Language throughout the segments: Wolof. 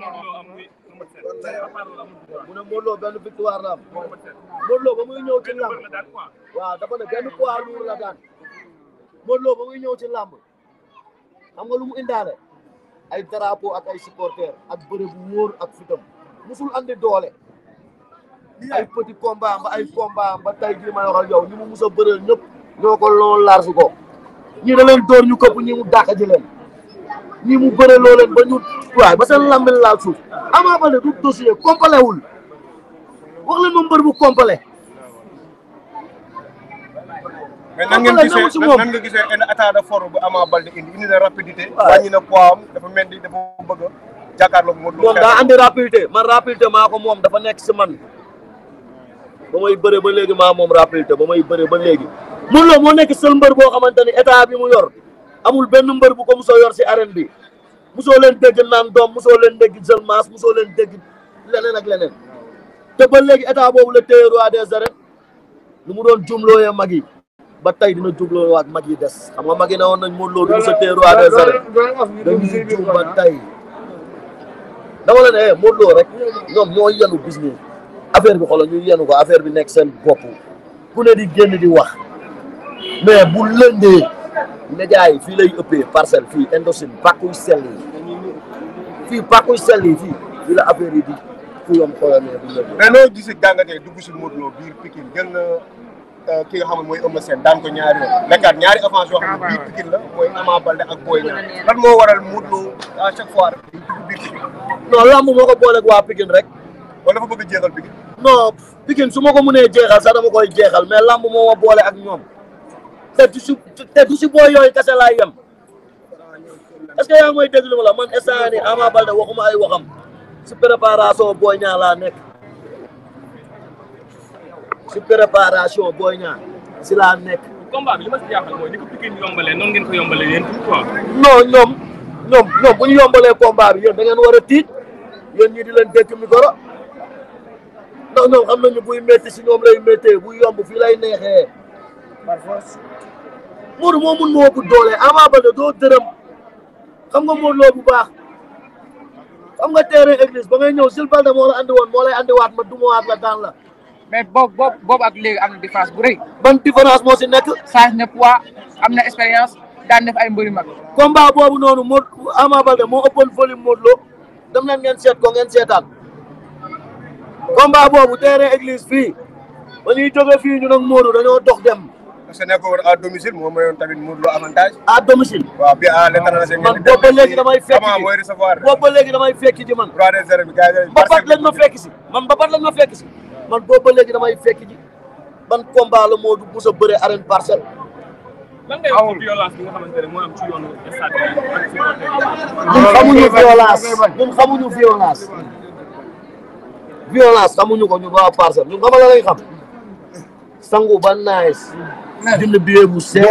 mu ne Modou mu benn victoire la am. Modou Lo ba muy ñëw ci làmb. waaw dafa ne ba muy ñëw ci làmb. xam nga lu mu indaale. ay drapeau ak ay supporters ak bërëb bu wóor ak fitam musul andi doole. ay petit combat ba ay combat ba tay jii ma waxal yow mu mus a bëreel ñëpp. ñoo ko lool laar su ko. ñii da leen door ñu këpp ñi mu dàq ji ñii mu bëre loo leen ba ñu waaye ba seen làmb laal suuf Ama Baldé du dossier complet wul wax leen ma mbër bu complet. mais nan ngeen gisee nan nga gisee un état de forme bu Ama Baldé indi indi na rapidité. waaw na poids am dafa mel ni dafa bëgg a jàkkaarloog Modou Lô. moom andi rapidité man rapidité maa ko moom dafa nekk si man ba may bëre ba léegi maa moom rapidité ba may bëre ba léegi Modou Lô moo nekk seul mbër boo xamante ni état bi mu yor. amul benn mbër bu ko mosoo yor si arène bi mosoo leen dégg naan doom mosoo leen dégg jël maas mosoo leen dégg leneen ak leneen te ba léegi état boobu la téye roi des arènes lu mu doon jumlooyee mag yi ba tey dina jubloo waat mag yi des xam nga mag yi ne woon nañ Modou Lo du mos a téye roi des arènes dañuy jum ba tey dama la ne eh, Modou Lo rek ñoom ñoo yenu bis ni affaire bi xoolal ñu yenu ko affaire bi nekk seen bopp ku ne di génn di wax mais bu lëndee média yi fii lay ëppee parcelle fii Indochine bàkkuy sell yi fii bàkkuy sell yi fii fii la affaire yi di xuyam xoyamee bu ñu mais loo gisee jàngatee dugg si Modou Lo biir Pikine jël na euh, ki nga xam ne mooy Eumeu seen daan ko ñaari ñaari avance yoo xam ne biir Pikine la mooy Ama Baldé ak Boy Niang lan moo waral Modou Lo à chaque fois rek dugg biir Pikine non lamb moo ko booleeg waa Pikine rek wala dafa ba jeexal Pikine non Pikine su ma ko mënee jeexal sax dama koy jeexal mais lamb moo ma boole ak ñoom te du si te du booy yooyu kese laay yem que yaa ngi may déglu ma la man instant yii Ama Baldé waxuma ay si préparation booy ñaa laa nekk si préparation booy ñaa si laa nekk. combat bi li ma si jaaxal mooy ni ñoom ñoom ñoom bu ñu yombalee combat bi yéen da a tiit yéen ñii di leen dëkk micro ndax ñoom xam nañu buy métti si ñoom lay méttee buy yomb fii lay neexee. Modou moo mun ma ëpp doole Ama Baldé doo dërëm xam nga Modou Lo bu baax xam nga terrain église ba ngay ñëw Jules Baldé moo la andi woon moo lay andiwaat ma dumawaat la daan la. mais boobu boobu ak léegi am na différence bu rëy. ban différence moo si nekk. change na poids am na expérience daan def ay mbëri mag. combat boobu noonu Modou Ama Baldé moo ëppoon volume Modou Lo dem na ngeen seet ko ngeen seetaan combat bu terrain église fii ba ñuy jóge fii ñu nag Modou dañoo dox parce que nekkul woon tamit Modou Lo avantage. à domicile. waaw bi à l'étranger. man boobu ba léegi damay fekk ji mooy recevoir boobu ba léegi damay fekk man. 3 des heures bi gars ma fekk si man mbapat lañ ma fekk ba léegi damay fekk ji ban combat la Modou mos a bëree arène parcelle. lan ne moo am ci yoonu stade bi. ñun xamuñu violence ñun xamuñu violence. violence xamuñu ko ñu waa parcelle ñun xamal la lay xam sangu ba nice. jënd billet bu seer.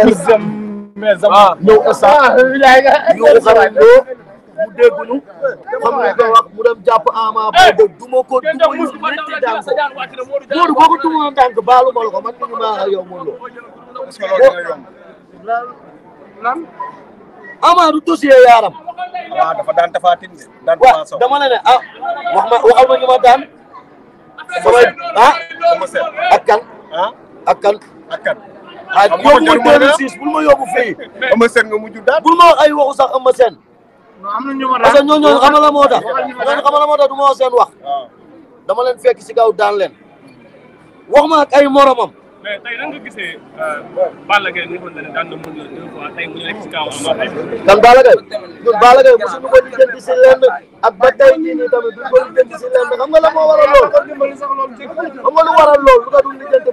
waaw ñëw instant ñëw xarañoo mu dégguñu xam nga ko ko du ma yóbbu métti daan ko Modou boo ko tuumoon daan ko baalu ma la ko man yaaram. waaw dama la ne ah wax ma waxal daan. samay ah. ak kan. ah moo ma 2006 bul ma yóbbu fii. Eumeu Sène mujj daal. bul ma ay waxu sax Eumeu Sène. am na ñu ma parce que ñooñu xamal la moo tax. ñooñu xamal la moo tax du ma wax seen wax. Ah. dama leen fekk si kaw daan leen. wax ma ak ay moromam. mais tey nan nga gisee euh, Balla na mën la deux fois tey mu nekk ci kaw Ama Baldé. kan Balla Gaye ñun Balla Gaye mosuñu ko di si lenn ak ba tey jii si lenn xam la moo waral lool xam nga lu waral lool lu ko dul di jënd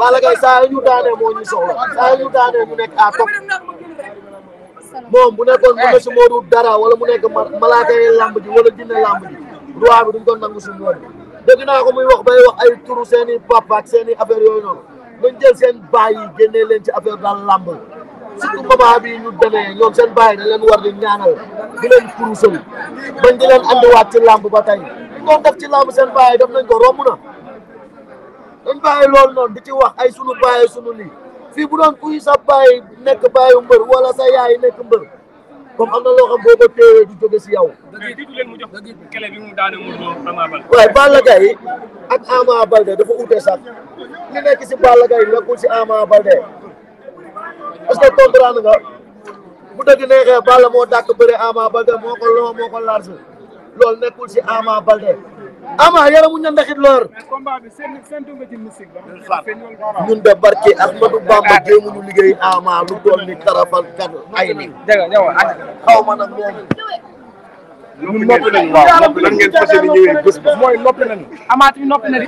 Balla saa yu ñu daanee moo ñu soxla saa yu ñu daanee mu nekk à top moom bu nekkoon mu ne su Modou dara wala mu nekk malaaka yi lamb ji wala jinne lamb ji droit bi duñ ko nangu suñu dégg naa ko muy wax bay wax ay turu seen i seeni ak yooyu noonu nañ jël seen baay yi génnee leen ci affaire daal làmb surtout moment bii ñu demee ñoom seen baay da leen war di ñaanal di leen kurusal bañ di leen andiwaat ci làmb ba tey ñoom def ci làmb seen baay def nañ ko romb na dañ bàyyi loolu noonu di ci wax ay sunu baay sunu lii fii bu doon kuy sa baay nekk baayu mbër wala sa yaay nekk mbër comme am na loo xam boo ko di du jóge si yow. waaye Balla Gaye ak Ama Balde dafa ute sax li nekk si Balla Gaye nekkul si Ama Balde est-ce que comprendre nga bu dëgg neexee Balla moo dàq bëre Ama Balde moo ko long moo ko large loolu nekkul si Ama Balde. ama yaramu ña ndaxit lor ñun de barke ba Bamba jéemuñu liggéey ama lu doon ni karafal kat ay ni xaw ma nag moom ñun noppi nañu waaw noppi lan noppi amaat yi noppi na di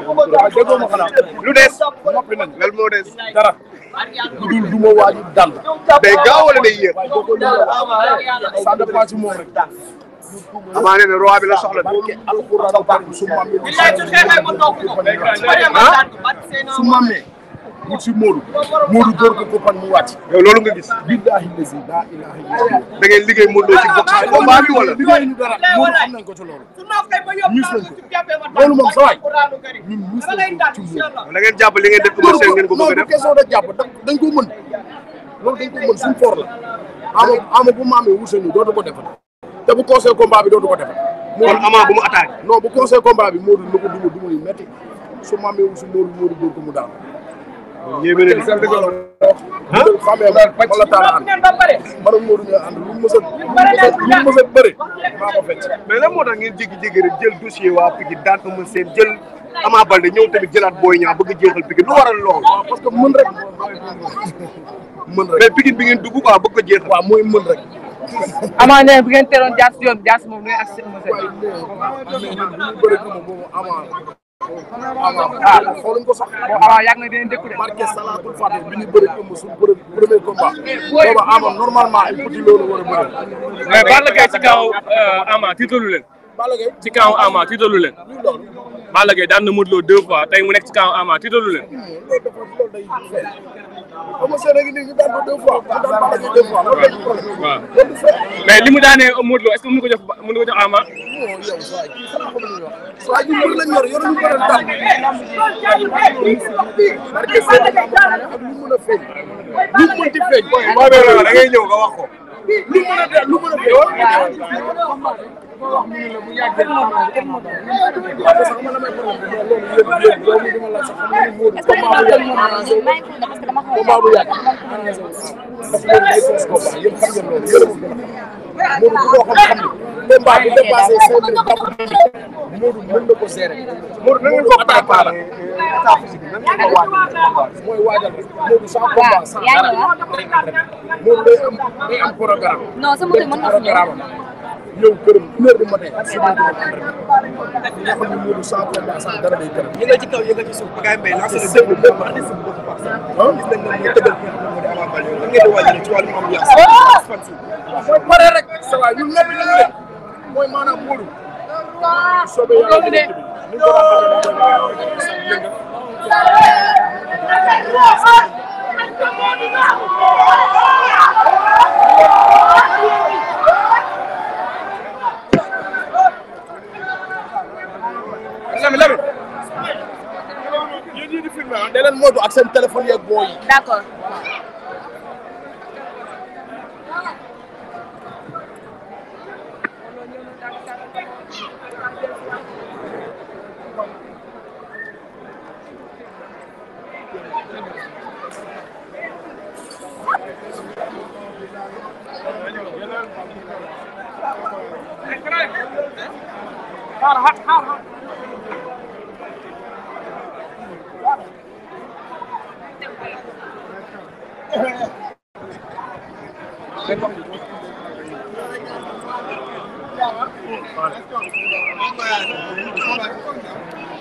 lu des noppi nañu lan moo des dara lu dul dal day gaaw wala day yéex ça dépend ci moom amaa nee na roi bi la soxla bi alxuraan bu baax su ma amee. Ah? su ma amee. wut si Modou Modou door ko ko pan mu wàcc. yow loolu nga gis. billahi lazi laa ilaha illa da ngeen liggéey Modou Lo ci bopp combat bi wala. liggéey xam nañ ko ci loolu. ñus nañ ko loolu moom sa waay ñun ñus nañ ko ci Modou. da ngeen jàpp li ngeen def Eumeu Sène ngeen ko bëgg a def. dañ ko mën loolu dañ ko mën suñu for la. ama ama bu ma amee wuute ñu dootu ko defal. te bu conseil combat bi dootu ko defee. kon Ama bu mu attaqué. non bu conseil combat bi Modou lu ko duma duma yu métti su ma amee wu si Modou Modou dóor ko mu daal. yéeme na di ko xamee man la taal ànd man Modou ñu ànd lu mu mës a lu mu mës a bëre maa ko fecc. mais lan moo tax ngeen jékki-jékki rek jël dossier waa Pikine daan ko mën seen jël. Ama Baldé ñëw tamit jëlaat Boy Niang bëgg a jeexal Pikine lu waral lool. parce que mën rek mën rek mais Pikine bi ngeen dugg quoi bëgg a jeexal. waaw mooy mën rek. Ama ne bu ngeen teeloon jaas yoon jaas moom ngay ak seen monsieur. ah xooluñ ko sax. waaw yàgg na dinañ dëkku de. marqué normalement ay petit loolu war a bëri. mais Balla Gaye ci kaw euh, Ama tiitalu leen. Balla Gaye ci kaw Ama tiitalu leen. Balla Gaye daan na Modou Lo deux fois tey mu nekk ci kaw Ama tiitalu leen. mais li mu daanee Modou Lo est-ce que mën ko jox mën ko jox Ama. waaw. da wax ko. ma wax mu ne la bu yàggee xanaa kenn moo tax sax man damay problème bi loolu yëpp yëpp loolu dama la sax xam nga ni Modou combat bu yàgg arrangé combat bu yàgg arrangé parce que loolu ay fausse combat yëpp xam ngeen loolu yëpp gën a xam Modou ku ko xam xam ne combat bi dépassé cinq minutes dàpp Modou mën na ko gérer Modou na ngeen ko attaque pas la attaque physique nan ngeen ko waajal mooy waajal rek Modou sans combat sans dara Modou day am day am programme non sa mën na programme ñëw këram une heure du matin suba nga xam ne Modou sans problème sans dara day këram. ñu nga ci kaw ñu nga ci suuf Pagaye Mbaye lancé na déglu bépp artiste bu bëgg Pape Sarr. ah gis nañ ne mooy tëggal ki nga xam ne moo di Ama Baldé lan ngeen di waajal ci wàllum ambiance. mooy ah. pare rek. ça va ñun lépp li ñu def mooy maanaam Modou. Ah. soobee yàlla dina tëdd ni ko rafetlu ngeen moytu ak seen téléphone yeeg booy yi. d'accord. xaar xaar xaar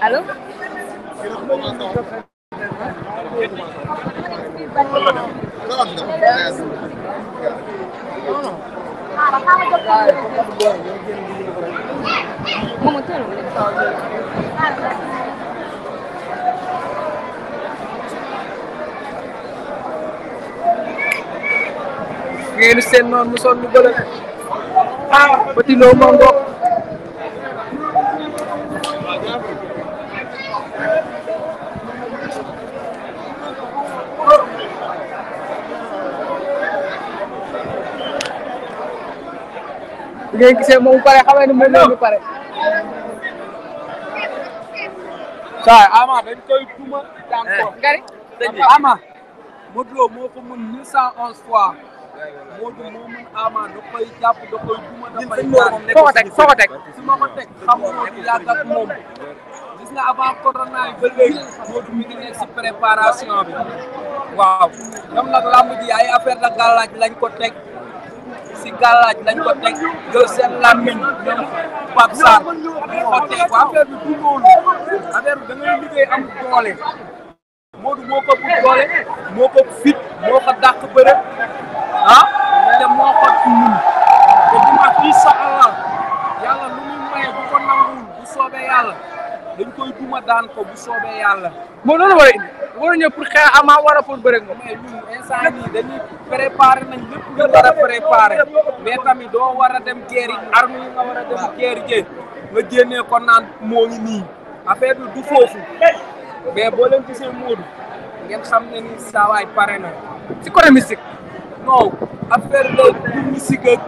allo. ngeen seen noonu mu sonn bële ah Petit Lo ma ngoog bi ngay gisee moom pare xamee ne moom lañu pare. waaw Ama dañ koy duma daan ko. Eh, ngari Ama. Modou Lo moo ko mën mille cent onze fois. Modou moo Ama da koy jàpp duma da koy teg foo teg. su ma ko teg yi ba léegi Modou mi ngi si préparation bi. waaw ñoom nag làmb ji ay affaire lañ ko teg. si gàllaaj lañ ko teg yow seen làmmiñ ñoom Pape ko teg ko affaire bi du loolu affaire da ngay liggéey am moo ko fit moo ko dàq bëre ah te moo ko mun te duma incha allah yàlla lu muy maye bu ko nanguwul bu soobee yàlla dañ koy duma daan ko bu soobee yàlla moo loolu war a waru ñëw pour xeex Ama wara pour bëre moom. mais ñun instant yii dañuy nañ lépp lu war a mais tamit doo war a dem guerre yi nga war dem guerre jéeg nga génnee ko naan moo ngi nii affaire bi du foofu mais boo leen gisee Modou ngeen xam ne ni saa pare na si côté mystique non affaire la du mystique ak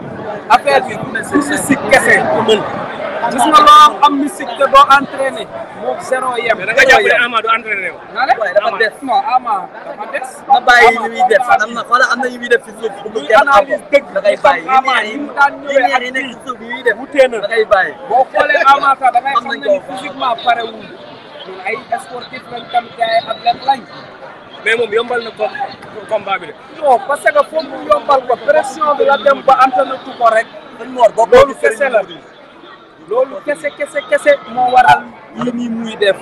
affaire bi du mystique kese. gis nga loo am mystique te doo entraîné moom zéro yem. mais da nga jàpp ne Ama du entraîné wu. waaye dafa des non Ama dafa des. na bàyyi li muy def am na wala am na yu muy def ci suuf. bu ñu analyse dëgg da ngay bàyyi yi mu daan ñëwee ak yi nekk suuf yi def da ngay bàyyi. boo xoolee Ama sax da ngay xam ne ni physiquement pare wu ñun ay sportif lañ tamit ay athlète lañ. mais moom yombal na ko combat bi de. non parce que foofu yombal ko pression bi la dem ba antenne tu ko rek. dañ mu war bokk loolu kese la. loolu kese kese kese moo waral yi nii muy def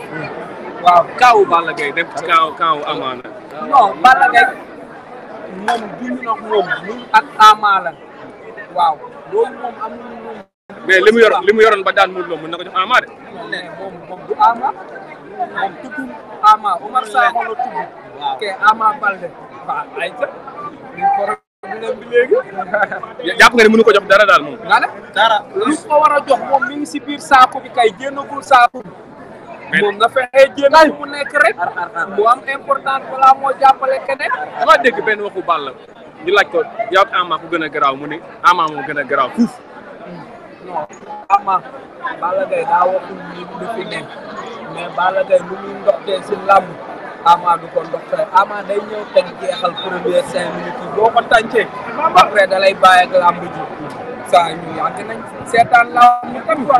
waaw kaaw Balla Gaye dem ci kaaw kaaw Ama la non Balla Gaye moom du ñu ak Ama waaw loolu moom amul moom mais li mu yor li mu yoroon ba daan Modou moom moom du Ama moom tuddul Ama Omar Sakho la tudd ke Ama Baldé waaw ay ca jàpp nga ne mënu ko jox dara daal moom. dara lu ko a jox moom mi ngi si biir saako bi kay génnagul saako bi. moom na fexe jéem mu nekk rek. mu am important wala moo jàppale keneen. dama dégg benn waxu Balla ñu laaj ko yow ak Ama ku gën a garaaw mu ni am moo gën a garaaw fuuf. non Ama Balla Gaye daa waxul nii lu fi nekk mais Balla Gaye lu si làmb. Ama du ko ndox te da lay bàyyi ak làmb ji saa ñu yàgg nañ seetaan làmb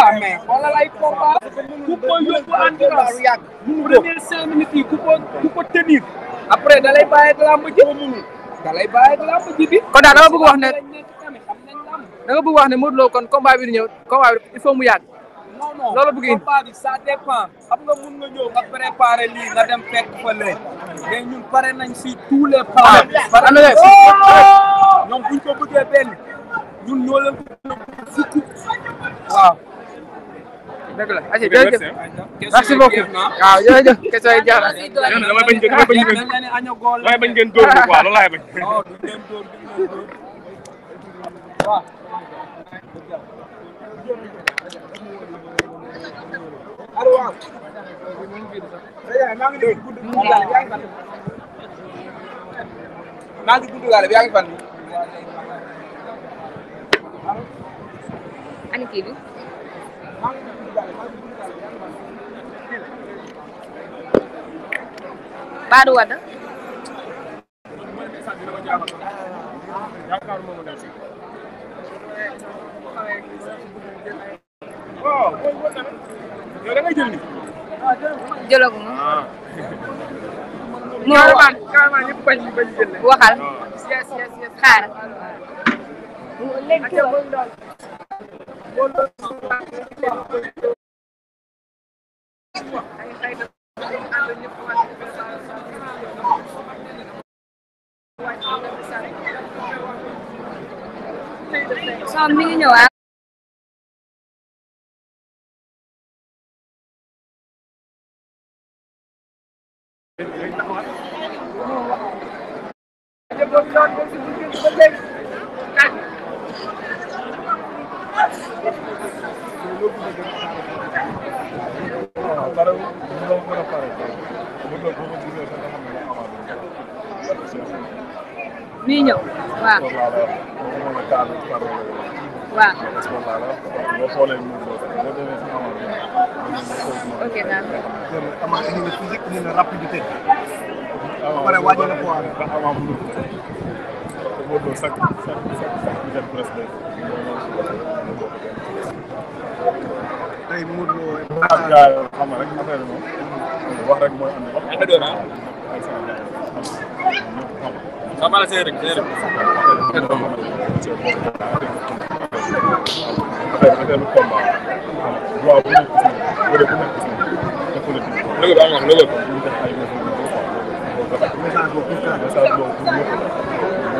ah, minutes yi ku tenir après da lay bàyyi ak làmb ji da lay bàyyi ak kon daal dama bëgg wax ne da nga bëgg wax ne Modou Lo kon combat bi di ñëw combat bi il faut mu yàgg loolu bëgg indi combat bi ça dépend xam nga mun nga ñëw nga préparer lii nga dem fekk fa lee mais ñun pare nañ si tous les plans. Ah, pare nañ si oh! ñoom buñ ko bëggee benn ñun ñoo leen ko fukki waaw. dëgg la ayca jërëjëf merci beaucoup waaw jërëjëf question yi jaar na damay bañ damay bañ ngeen damay bañ ngeen dóor ko quoi loolu laay bañ. waaw. maa ngi gudd gaale bi yaa fan. ani kii bi. Badou yow mu ah. wax Caravane Caravane ñëpp ah. mi ngi ah. bii ñëw waaw. waaw. ok daal. amaa indi na physique indi na rapidité. ba pare wàññi na poids bi. tey Modou Lo. waaw gars yi xam nga rek affaire bi moom wax rek mooy andi wax. Kamala Seyring Seyring. waaw bu